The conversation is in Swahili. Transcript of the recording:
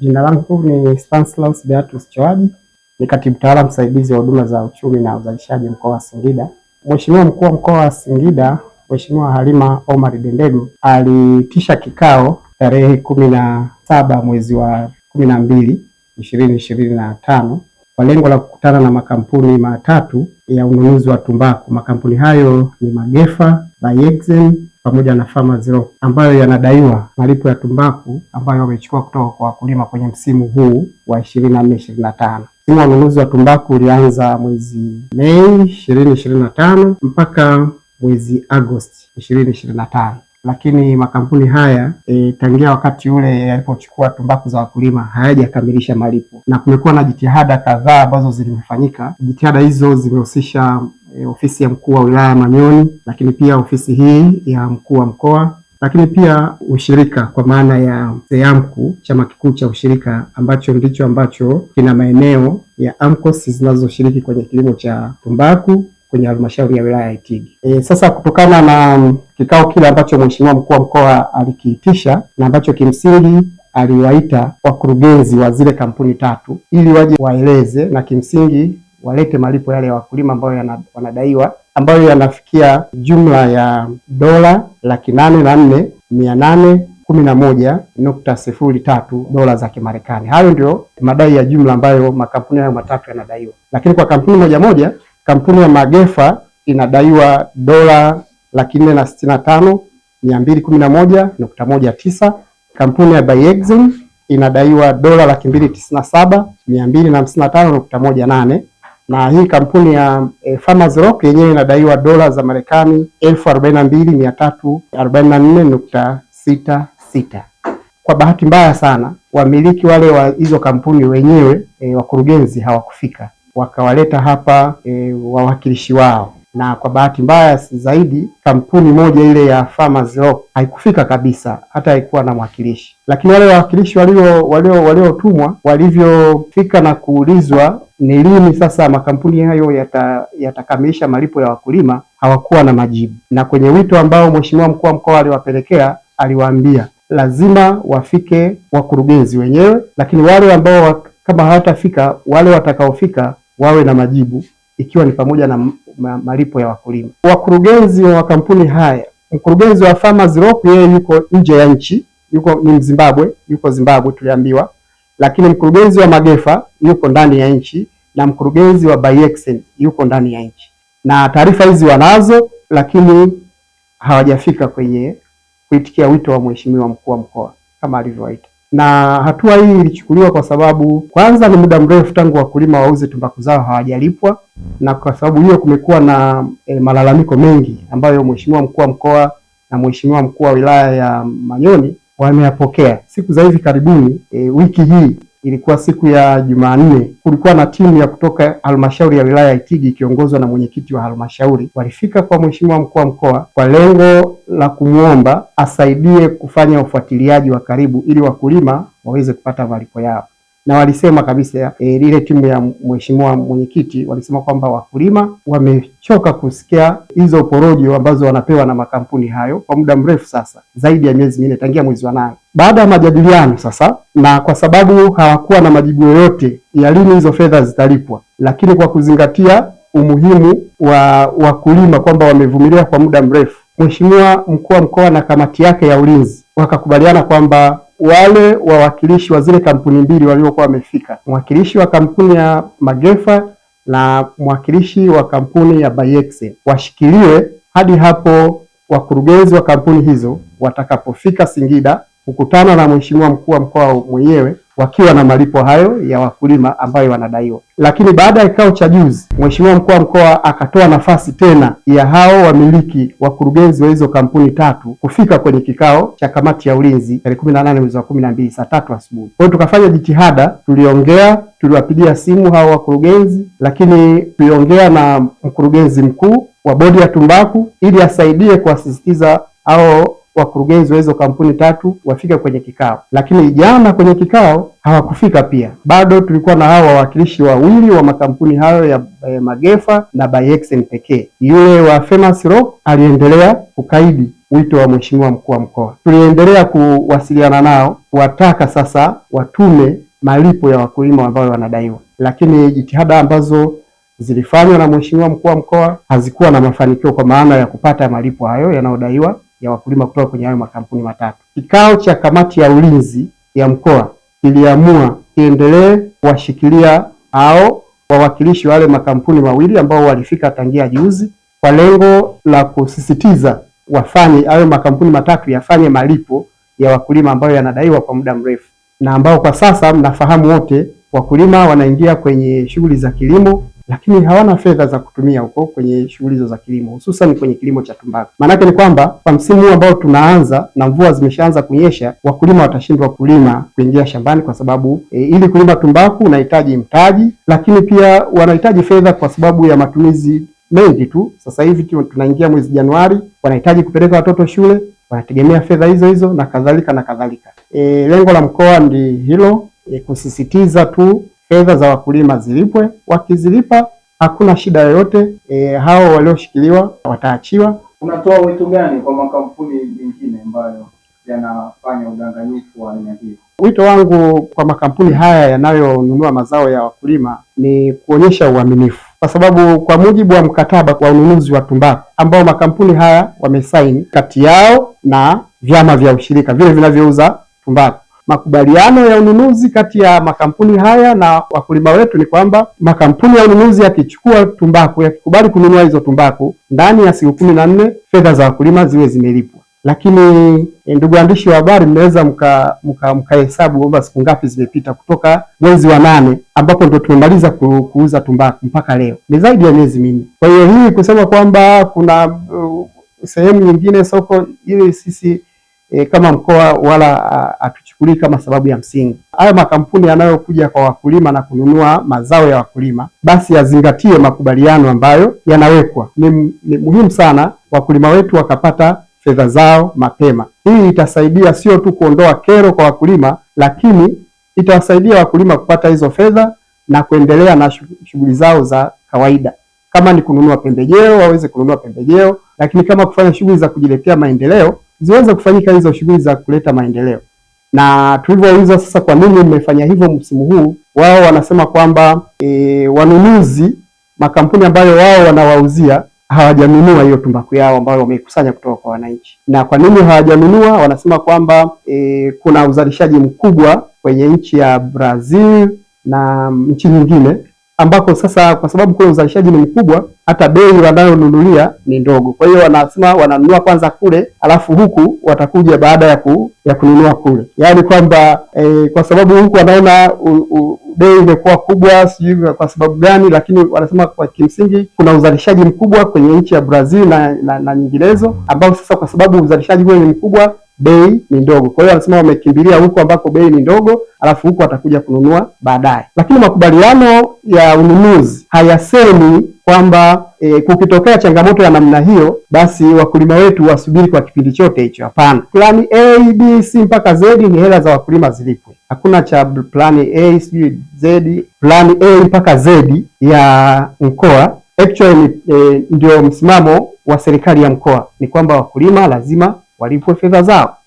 Jina langu ni Stanislaus Beatus Chowadi, ni katibu tawala msaidizi wa huduma za uchumi na uzalishaji mkoa wa Singida. Mheshimiwa mkuu wa mkoa wa Singida Mheshimiwa Halima Omar Dendegu aliitisha kikao tarehe kumi na saba mwezi wa kumi na mbili ishirini ishirini na tano kwa lengo la kukutana na makampuni matatu ya ununuzi wa tumbaku. Makampuni hayo ni Magefa, Bayexen pamoja na Farmers Zero ambayo yanadaiwa malipo ya tumbaku ambayo wamechukua kutoka kwa wakulima kwenye msimu huu wa 24 25. Msimu wa ununuzi wa tumbaku ulianza mwezi Mei 2025 mpaka mwezi Agosti 2025 lakini makampuni haya e, tangia wakati ule yalipochukua tumbaku za wakulima hayajakamilisha malipo, na kumekuwa na jitihada kadhaa ambazo zimefanyika. Jitihada hizo zimehusisha e, ofisi ya mkuu wa wilaya Manyoni, lakini pia ofisi hii ya mkuu wa mkoa lakini pia ushirika kwa maana ya SEAMKU, chama kikuu cha ushirika ambacho ndicho ambacho kina maeneo ya AMCOS zinazoshiriki kwenye kilimo cha tumbaku kwenye halmashauri ya wilaya ya Itigi. E, sasa kutokana na mm, kikao kile ambacho mheshimiwa mkuu wa mkoa alikiitisha na ambacho kimsingi aliwaita wakurugenzi wa zile kampuni tatu ili waje waeleze, na kimsingi walete malipo yale ya wakulima ambayo wanadaiwa ambayo yanafikia jumla ya dola laki nane na nne mia nane kumi na moja nukta sifuri tatu dola za Kimarekani. Hayo ndio madai ya jumla ambayo makampuni hayo matatu yanadaiwa, lakini kwa kampuni moja moja, kampuni ya Magefa inadaiwa dola laki nne na sitini na tano mia mbili kumi na moja nukta moja tisa. Kampuni ya Bayexim inadaiwa dola laki mbili tisini na saba mia mbili na hamsini na tano nukta moja nane na hii kampuni ya e, Farmers Rock yenyewe inadaiwa dola za Marekani elfu arobaini na mbili mia tatu arobaini na nne nukta sita sita. Kwa bahati mbaya sana wamiliki wale wa hizo kampuni wenyewe e, wakurugenzi hawakufika, wakawaleta hapa e, wawakilishi wao na kwa bahati mbaya zaidi kampuni moja ile ya Farmers Rock haikufika kabisa, hata haikuwa na mwakilishi. Lakini wale wawakilishi walio walio waliotumwa walivyofika na kuulizwa ni lini sasa makampuni hayo yatakamilisha yata malipo ya wakulima, hawakuwa na majibu. Na kwenye wito ambao mheshimiwa mkuu wa mkoa aliwapelekea, aliwaambia lazima wafike wakurugenzi wenyewe, lakini wale ambao kama hawatafika, wale watakaofika wawe na majibu, ikiwa ni pamoja na ma, malipo ya wakulima. Wakurugenzi wa makampuni haya, mkurugenzi wa Farmers Rock yeye yuko nje ya nchi, yuko ni Mzimbabwe, yuko Zimbabwe tuliambiwa, lakini mkurugenzi wa Magefa yuko ndani ya nchi na mkurugenzi wa Bayexen yuko ndani ya nchi, na taarifa hizi wanazo, lakini hawajafika kwenye kuitikia wito wa mheshimiwa mkuu wa mkoa kama alivyowaita na hatua hii ilichukuliwa kwa sababu kwanza ni muda mrefu tangu wakulima wauze tumbaku zao hawajalipwa, na kwa sababu hiyo kumekuwa na e, malalamiko mengi ambayo mheshimiwa mkuu wa mkoa na mheshimiwa mkuu wa wilaya ya Manyoni wameyapokea siku za hivi karibuni. E, wiki hii ilikuwa siku ya Jumanne, kulikuwa na timu ya kutoka halmashauri ya wilaya ya Itigi ikiongozwa na mwenyekiti wa halmashauri, walifika kwa mheshimiwa mkuu wa mkoa kwa lengo la kumwomba asaidie kufanya ufuatiliaji wa karibu ili wakulima waweze kupata malipo yao na walisema kabisa e, lile timu ya mheshimiwa mwenyekiti walisema kwamba wakulima wamechoka kusikia hizo porojo ambazo wanapewa na makampuni hayo kwa muda mrefu sasa, zaidi ya miezi minne tangia mwezi wa nane. Baada ya majadiliano sasa, na kwa sababu hawakuwa na majibu yoyote ya lini hizo fedha zitalipwa, lakini kwa kuzingatia umuhimu wa wakulima kwamba wamevumilia kwa muda mrefu, mheshimiwa mkuu wa mkoa na kamati yake ya ulinzi wakakubaliana kwamba wale wawakilishi wa zile kampuni mbili waliokuwa wamefika, mwakilishi wa kampuni ya Magefa na mwakilishi wa kampuni ya Bayexe washikiliwe hadi hapo wakurugenzi wa kampuni hizo watakapofika Singida kukutana na mheshimiwa mkuu wa mkoa mwenyewe wakiwa na malipo hayo ya wakulima ambayo wanadaiwa. Lakini baada ya kikao cha juzi, Mheshimiwa mkuu wa mkoa akatoa nafasi tena ya hao wamiliki wakurugenzi wa hizo kampuni tatu kufika kwenye kikao cha kamati ya ulinzi tarehe 18 mwezi wa 12 saa tatu asubuhi. Kwa hiyo tukafanya jitihada, tuliongea, tuliwapigia simu hao wakurugenzi, lakini tuliongea na mkurugenzi mkuu wa bodi ya tumbaku ili asaidie kuwasisitiza hao wakurugenzi wa hizo kampuni tatu wafike kwenye kikao, lakini jana kwenye kikao hawakufika pia. Bado tulikuwa na hao wawakilishi wawili wa makampuni hayo ya eh, Magefa na Bayexen pekee. Yule wa Famous Rock aliendelea kukaidi wito wa mheshimiwa mkuu wa mkoa. Tuliendelea kuwasiliana nao kuwataka sasa watume malipo ya wakulima ambayo wanadaiwa, lakini jitihada ambazo zilifanywa na mheshimiwa mkuu wa mkoa hazikuwa na mafanikio kwa maana ya kupata malipo hayo yanayodaiwa ya wakulima kutoka kwenye hayo makampuni matatu. Kikao cha kamati ya ulinzi ya mkoa kiliamua kiendelee kuwashikilia hao wawakilishi wale makampuni mawili ambao walifika tangia juzi kwa lengo la kusisitiza wafanye hayo makampuni matatu yafanye malipo ya wakulima ambayo yanadaiwa kwa muda mrefu na ambao kwa sasa mnafahamu wote wakulima wanaingia kwenye shughuli za kilimo lakini hawana fedha za kutumia huko kwenye shughuli hizo za kilimo, hususan kwenye kilimo cha tumbaku. Maanake ni kwamba kwa msimu huu ambao tunaanza na mvua zimeshaanza kunyesha, wakulima watashindwa kulima kuingia shambani kwa sababu e, ili kulima tumbaku unahitaji mtaji, lakini pia wanahitaji fedha kwa sababu ya matumizi mengi tu. Sasa hivi tunaingia mwezi Januari, wanahitaji kupeleka watoto shule, wanategemea fedha hizo hizo na kadhalika na kadhalika. E, lengo la mkoa ndi hilo, e, kusisitiza tu fedha za wakulima zilipwe. Wakizilipa hakuna shida yoyote. E, hao walioshikiliwa wataachiwa. Unatoa wito gani kwa makampuni mengine ambayo yanafanya udanganyifu wa aina hii? Wito wangu kwa makampuni haya yanayonunua mazao ya wakulima ni kuonyesha uaminifu, kwa sababu kwa mujibu wa mkataba wa ununuzi wa tumbaku ambao makampuni haya wamesaini kati yao na vyama vya ushirika vile vinavyouza tumbaku makubaliano ya ununuzi kati ya makampuni haya na wakulima wetu ni kwamba makampuni ya ununuzi yakichukua tumbaku, yakikubali kununua hizo tumbaku, ndani ya siku kumi na nne fedha za wakulima ziwe zimelipwa. Lakini eh, ndugu waandishi wa habari, mnaweza mkahesabu kwamba siku ngapi zimepita kutoka mwezi wa nane ambapo ndo tumemaliza kuuza tumbaku mpaka leo, ni zaidi ya miezi minne. Kwa hiyo hii kusema kwamba kuna uh, sehemu nyingine soko ili sisi E, kama mkoa wala ah, haichukuliwi kama sababu ya msingi. Haya makampuni yanayokuja kwa wakulima na kununua mazao ya wakulima, basi yazingatie makubaliano ambayo yanawekwa. Ni, ni muhimu sana wakulima wetu wakapata fedha zao mapema. Hii itasaidia sio tu kuondoa kero kwa wakulima, lakini itawasaidia wakulima kupata hizo fedha na kuendelea na shughuli zao za kawaida. Kama ni kununua pembejeo, waweze kununua pembejeo, lakini kama kufanya shughuli za kujiletea maendeleo, ziweze kufanyika hizo shughuli za kuleta maendeleo na tulivyouliza sasa, kwa nini mmefanya hivyo msimu huu, wao wanasema kwamba e, wanunuzi makampuni ambayo wao wanawauzia hawajanunua hiyo tumbaku yao ambayo wameikusanya kutoka kwa wananchi. Na kwa nini hawajanunua? Wanasema kwamba e, kuna uzalishaji mkubwa kwenye nchi ya Brazil na nchi nyingine ambako sasa kwa sababu kule uzalishaji ni mkubwa, hata bei wanayonunulia ni ndogo. Kwa hiyo wanasema wananunua kwanza kule, alafu huku watakuja baada ya, ku, ya kununua kule, yaani kwamba e, kwa sababu huku wanaona bei imekuwa kubwa, sijui kwa sababu gani, lakini wanasema kwa kimsingi kuna uzalishaji mkubwa kwenye nchi ya Brazil na, na, na nyinginezo, ambao sasa kwa sababu uzalishaji huo ni mkubwa bei ni ndogo. Kwa hiyo anasema wamekimbilia huko ambako bei ni ndogo, alafu huko watakuja kununua baadaye. Lakini makubaliano ya ununuzi hayasemi kwamba e, kukitokea changamoto ya namna hiyo, basi wakulima wetu wasubiri kwa kipindi chote hicho. Hapana, plani A, B, C mpaka Z ni hela za wakulima zilipwe. Hakuna cha plani A sijui Z. Plani A mpaka Z ya mkoa actually, e, ndio msimamo wa serikali ya mkoa ni kwamba wakulima lazima walipwe fedha zao.